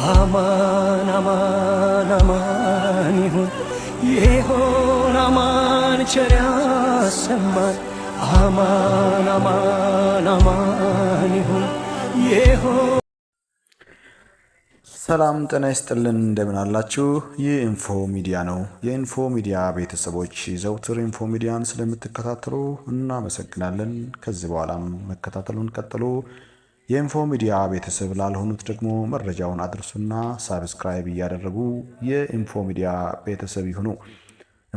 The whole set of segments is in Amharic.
አማን አማን አማን ይሁን ይሆን አማን ቸር ያሰማን አማን አማን አማን ይሁን ይሆን። ሰላም ጤና ይስጥልን፣ እንደምን አላችሁ? ይህ ኢንፎ ሚዲያ ነው። የኢንፎ ሚዲያ ቤተሰቦች ዘውትር ኢንፎ ሚዲያን ስለምትከታተሉ እናመሰግናለን። ከዚህ በኋላም መከታተሉን ቀጥሉ። የኢንፎ ሚዲያ ቤተሰብ ላልሆኑት ደግሞ መረጃውን አድርሱና ሳብስክራይብ እያደረጉ የኢንፎ ሚዲያ ቤተሰብ ይሁኑ።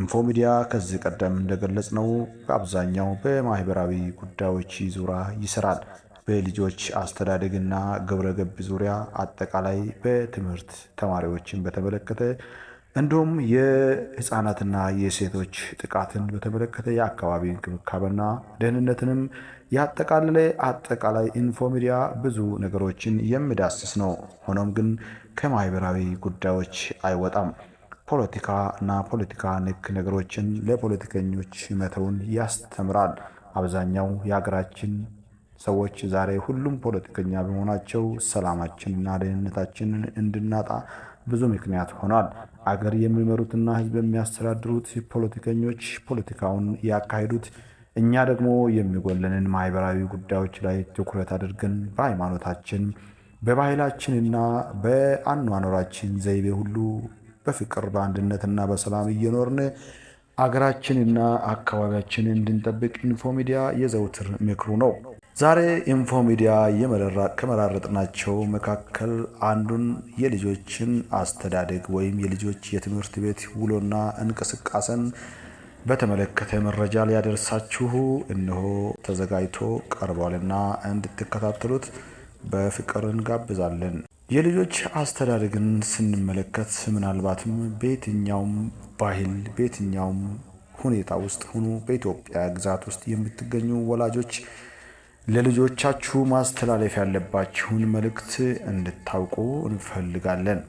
ኢንፎ ሚዲያ ከዚህ ቀደም እንደገለጽ ነው በአብዛኛው በማህበራዊ ጉዳዮች ዙሪያ ይሰራል። በልጆች አስተዳደግና ግብረገብ ዙሪያ፣ አጠቃላይ በትምህርት ተማሪዎችን በተመለከተ እንዲሁም የህፃናትና የሴቶች ጥቃትን በተመለከተ የአካባቢ እንክብካቤና ደህንነትንም ያጠቃለለ አጠቃላይ ኢንፎ ሚዲያ ብዙ ነገሮችን የሚዳስስ ነው። ሆኖም ግን ከማህበራዊ ጉዳዮች አይወጣም። ፖለቲካ እና ፖለቲካ ንክ ነገሮችን ለፖለቲከኞች መተውን ያስተምራል። አብዛኛው የሀገራችን ሰዎች ዛሬ ሁሉም ፖለቲከኛ በመሆናቸው ሰላማችንና ደህንነታችንን እንድናጣ ብዙ ምክንያት ሆኗል። አገር የሚመሩትና ህዝብ የሚያስተዳድሩት ፖለቲከኞች ፖለቲካውን ያካሄዱት እኛ ደግሞ የሚጎለንን ማህበራዊ ጉዳዮች ላይ ትኩረት አድርገን በሃይማኖታችን በባህላችንና በአኗኗራችን ዘይቤ ሁሉ በፍቅር በአንድነትና በሰላም እየኖርን አገራችንና አካባቢያችን እንድንጠብቅ ኢንፎ ሚዲያ የዘውትር ምክሩ ነው። ዛሬ ኢንፎ ሚዲያ ከመራረጥናቸው መካከል አንዱን የልጆችን አስተዳደግ ወይም የልጆች የትምህርት ቤት ውሎና እንቅስቃሴን በተመለከተ መረጃ ሊያደርሳችሁ እነሆ ተዘጋጅቶ ቀርቧልና እንድትከታተሉት በፍቅር እንጋብዛለን። የልጆች አስተዳደግን ስንመለከት ምናልባትም በየትኛውም ባህል በየትኛውም ሁኔታ ውስጥ ሁኑ በኢትዮጵያ ግዛት ውስጥ የምትገኙ ወላጆች ለልጆቻችሁ ማስተላለፍ ያለባችሁን መልእክት እንድታውቁ እንፈልጋለን።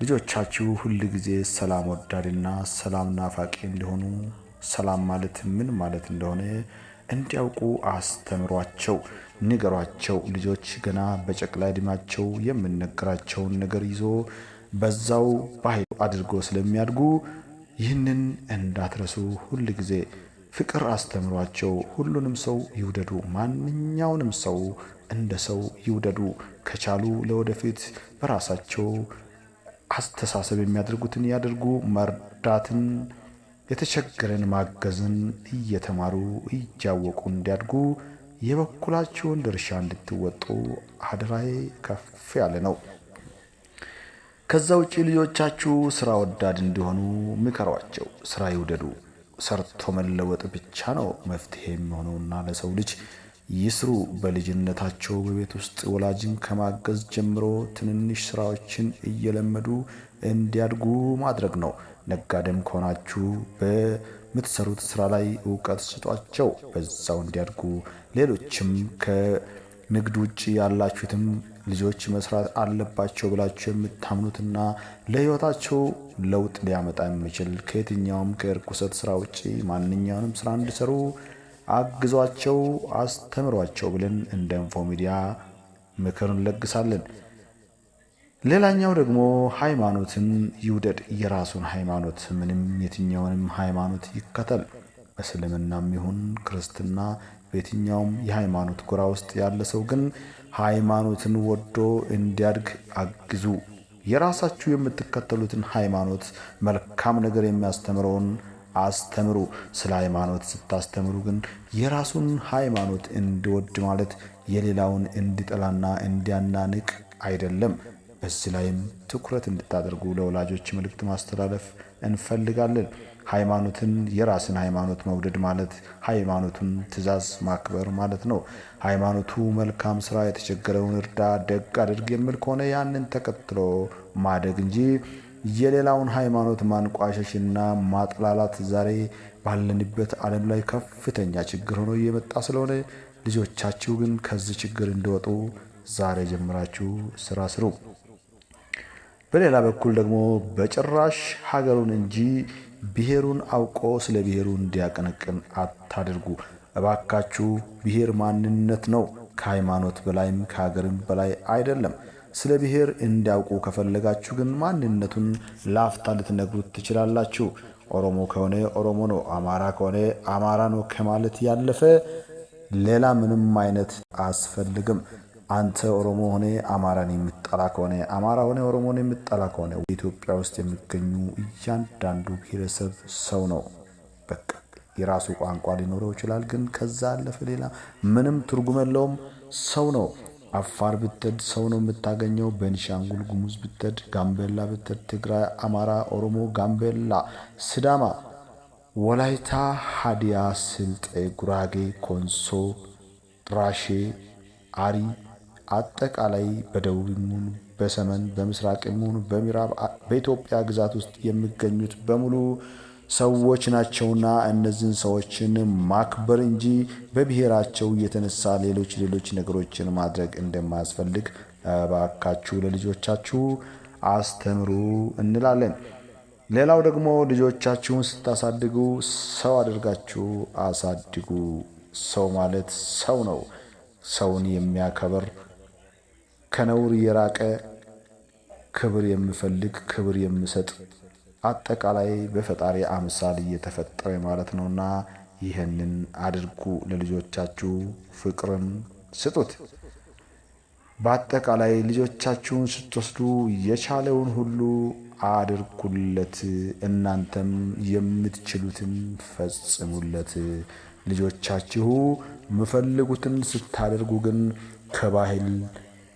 ልጆቻችሁ ሁል ጊዜ ሰላም ወዳድና ሰላም ናፋቂ እንዲሆኑ፣ ሰላም ማለት ምን ማለት እንደሆነ እንዲያውቁ አስተምሯቸው፣ ንገሯቸው። ልጆች ገና በጨቅላ ዕድሜያቸው የምንነግራቸውን ነገር ይዞ በዛው ባህ አድርጎ ስለሚያድጉ ይህንን እንዳትረሱ ሁል ጊዜ ፍቅር አስተምሯቸው። ሁሉንም ሰው ይውደዱ። ማንኛውንም ሰው እንደ ሰው ይውደዱ። ከቻሉ ለወደፊት በራሳቸው አስተሳሰብ የሚያደርጉትን ያደርጉ። መርዳትን፣ የተቸገረን ማገዝን እየተማሩ እያወቁ እንዲያድጉ የበኩላቸውን ድርሻ እንድትወጡ አደራዬ ከፍ ያለ ነው። ከዛ ውጭ ልጆቻችሁ ስራ ወዳድ እንዲሆኑ ምከሯቸው። ስራ ይውደዱ። ሰርቶ መለወጥ ብቻ ነው መፍትሄ የሚሆነውና ለሰው ልጅ ይስሩ። በልጅነታቸው በቤት ውስጥ ወላጅን ከማገዝ ጀምሮ ትንንሽ ስራዎችን እየለመዱ እንዲያድጉ ማድረግ ነው። ነጋዴም ከሆናችሁ በምትሰሩት ስራ ላይ እውቀት ስጧቸው፣ በዛው እንዲያድጉ። ሌሎችም ከንግድ ውጭ ያላችሁትም ልጆች መስራት አለባቸው ብላቸው የምታምኑትና ለህይወታቸው ለውጥ ሊያመጣ የሚችል ከየትኛውም ከርኩሰት ስራ ውጭ ማንኛውንም ስራ እንዲሰሩ አግዟቸው፣ አስተምሯቸው ብለን እንደ ኢንፎ ሚዲያ ምክር እንለግሳለን። ሌላኛው ደግሞ ሃይማኖትን ይውደድ። የራሱን ሃይማኖት ምንም የትኛውንም ሃይማኖት ይከተል። እስልምናም ይሁን ክርስትና በየትኛውም የሃይማኖት ጎራ ውስጥ ያለ ሰው ግን ሃይማኖትን ወዶ እንዲያድግ አግዙ። የራሳችሁ የምትከተሉትን ሃይማኖት መልካም ነገር የሚያስተምረውን አስተምሩ። ስለ ሃይማኖት ስታስተምሩ ግን የራሱን ሃይማኖት እንዲወድ ማለት የሌላውን እንዲጠላና እንዲያናንቅ አይደለም። በዚህ ላይም ትኩረት እንድታደርጉ ለወላጆች መልእክት ማስተላለፍ እንፈልጋለን። ሃይማኖትን የራስን ሃይማኖት መውደድ ማለት ሃይማኖቱን ትእዛዝ ማክበር ማለት ነው። ሃይማኖቱ መልካም ስራ፣ የተቸገረውን እርዳ፣ ደግ አድርግ የሚል ከሆነ ያንን ተከትሎ ማደግ እንጂ የሌላውን ሃይማኖት ማንቋሸሽና ማጥላላት ዛሬ ባለንበት ዓለም ላይ ከፍተኛ ችግር ሆኖ እየመጣ ስለሆነ ልጆቻችሁ ግን ከዚህ ችግር እንዲወጡ ዛሬ ጀምራችሁ ስራ ስሩ። በሌላ በኩል ደግሞ በጭራሽ ሀገሩን እንጂ ብሔሩን አውቆ ስለ ብሔሩ እንዲያቀነቅን አታድርጉ። እባካችሁ ብሔር ማንነት ነው፣ ከሃይማኖት በላይም ከሀገርም በላይ አይደለም። ስለ ብሔር እንዲያውቁ ከፈለጋችሁ ግን ማንነቱን ላፍታ ልትነግሩት ትችላላችሁ። ኦሮሞ ከሆነ ኦሮሞ ነው፣ አማራ ከሆነ አማራ ነው ከማለት ያለፈ ሌላ ምንም አይነት አያስፈልግም። አንተ ኦሮሞ ሆነ አማራን የምጠላ ከሆነ አማራ ሆነ ኦሮሞን የምጠላ ከሆነ ኢትዮጵያ ውስጥ የሚገኙ እያንዳንዱ ብሔረሰብ ሰው ነው። በቃ የራሱ ቋንቋ ሊኖረው ይችላል፣ ግን ከዛ አለፈ ሌላ ምንም ትርጉም የለውም። ሰው ነው። አፋር ብትሄድ ሰው ነው የምታገኘው። በንሻንጉል ጉሙዝ ብትሄድ፣ ጋምቤላ ብትሄድ፣ ትግራይ፣ አማራ፣ ኦሮሞ፣ ጋምቤላ፣ ስዳማ ወላይታ፣ ሀዲያ፣ ስልጤ፣ ጉራጌ፣ ኮንሶ፣ ራሼ፣ አሪ አጠቃላይ በደቡብ ይሁን በሰሜን በምስራቅ ይሁን በምዕራብ በኢትዮጵያ ግዛት ውስጥ የሚገኙት በሙሉ ሰዎች ናቸውና እነዚህን ሰዎችን ማክበር እንጂ በብሔራቸው የተነሳ ሌሎች ሌሎች ነገሮችን ማድረግ እንደማያስፈልግ ባካችሁ ለልጆቻችሁ አስተምሩ እንላለን። ሌላው ደግሞ ልጆቻችሁን ስታሳድጉ ሰው አድርጋችሁ አሳድጉ። ሰው ማለት ሰው ነው። ሰውን የሚያከብር ከነውር የራቀ ክብር የምፈልግ ክብር የምሰጥ አጠቃላይ በፈጣሪ አምሳል እየተፈጠረ ማለት ነውና ይህንን አድርጉ። ለልጆቻችሁ ፍቅርን ስጡት። በአጠቃላይ ልጆቻችሁን ስትወስዱ የቻለውን ሁሉ አድርጉለት። እናንተም የምትችሉትን ፈጽሙለት። ልጆቻችሁ የምፈልጉትን ስታደርጉ ግን ከባህል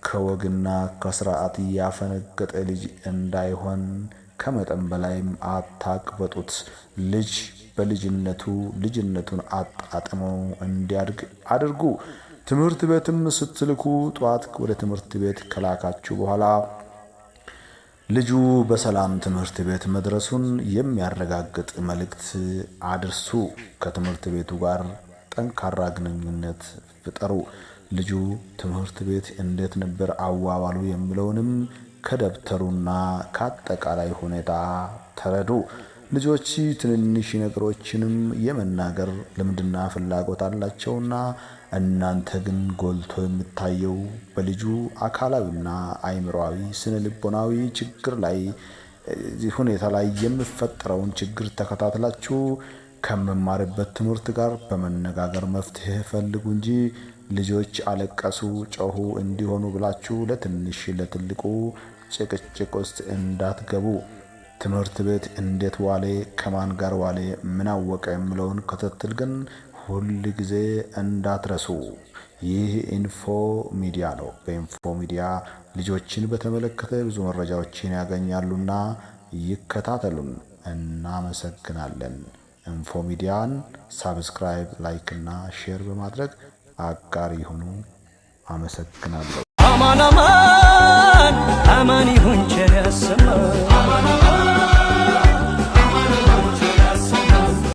ከወግና ከስርዓት ያፈነገጠ ልጅ እንዳይሆን ከመጠን በላይም አታቅበጡት። ልጅ በልጅነቱ ልጅነቱን አጣጥመው እንዲያድግ አድርጉ። ትምህርት ቤትም ስትልኩ ጠዋት ወደ ትምህርት ቤት ከላካችሁ በኋላ ልጁ በሰላም ትምህርት ቤት መድረሱን የሚያረጋግጥ መልእክት አድርሱ። ከትምህርት ቤቱ ጋር ጠንካራ ግንኙነት ፍጠሩ። ልጁ ትምህርት ቤት እንዴት ነበር አዋዋሉ የሚለውንም ከደብተሩና ከአጠቃላይ ሁኔታ ተረዱ። ልጆች ትንንሽ ነገሮችንም የመናገር ልምድና ፍላጎት አላቸውና እናንተ ግን ጎልቶ የምታየው በልጁ አካላዊና አይምሮዊ ስነ ልቦናዊ ችግር ላይ ሁኔታ ላይ የሚፈጠረውን ችግር ተከታትላችሁ ከምማርበት ትምህርት ጋር በመነጋገር መፍትሄ ፈልጉ እንጂ ልጆች አለቀሱ፣ ጮሁ እንዲሆኑ ብላችሁ ለትንሽ ለትልቁ ጭቅጭቅ ውስጥ እንዳትገቡ። ትምህርት ቤት እንዴት ዋሌ፣ ከማን ጋር ዋሌ፣ ምን አወቀ የምለውን ክትትል ግን ሁል ጊዜ እንዳትረሱ። ይህ ኢንፎ ሚዲያ ነው። በኢንፎ ሚዲያ ልጆችን በተመለከተ ብዙ መረጃዎችን ያገኛሉና ይከታተሉን። እናመሰግናለን። ኢንፎ ሚዲያን ሳብስክራይብ፣ ላይክ እና ሼር በማድረግ አጋር ይሁኑ። አመሰግናለሁ። አማን አማን አማን ይሁን ቸር ያሰማ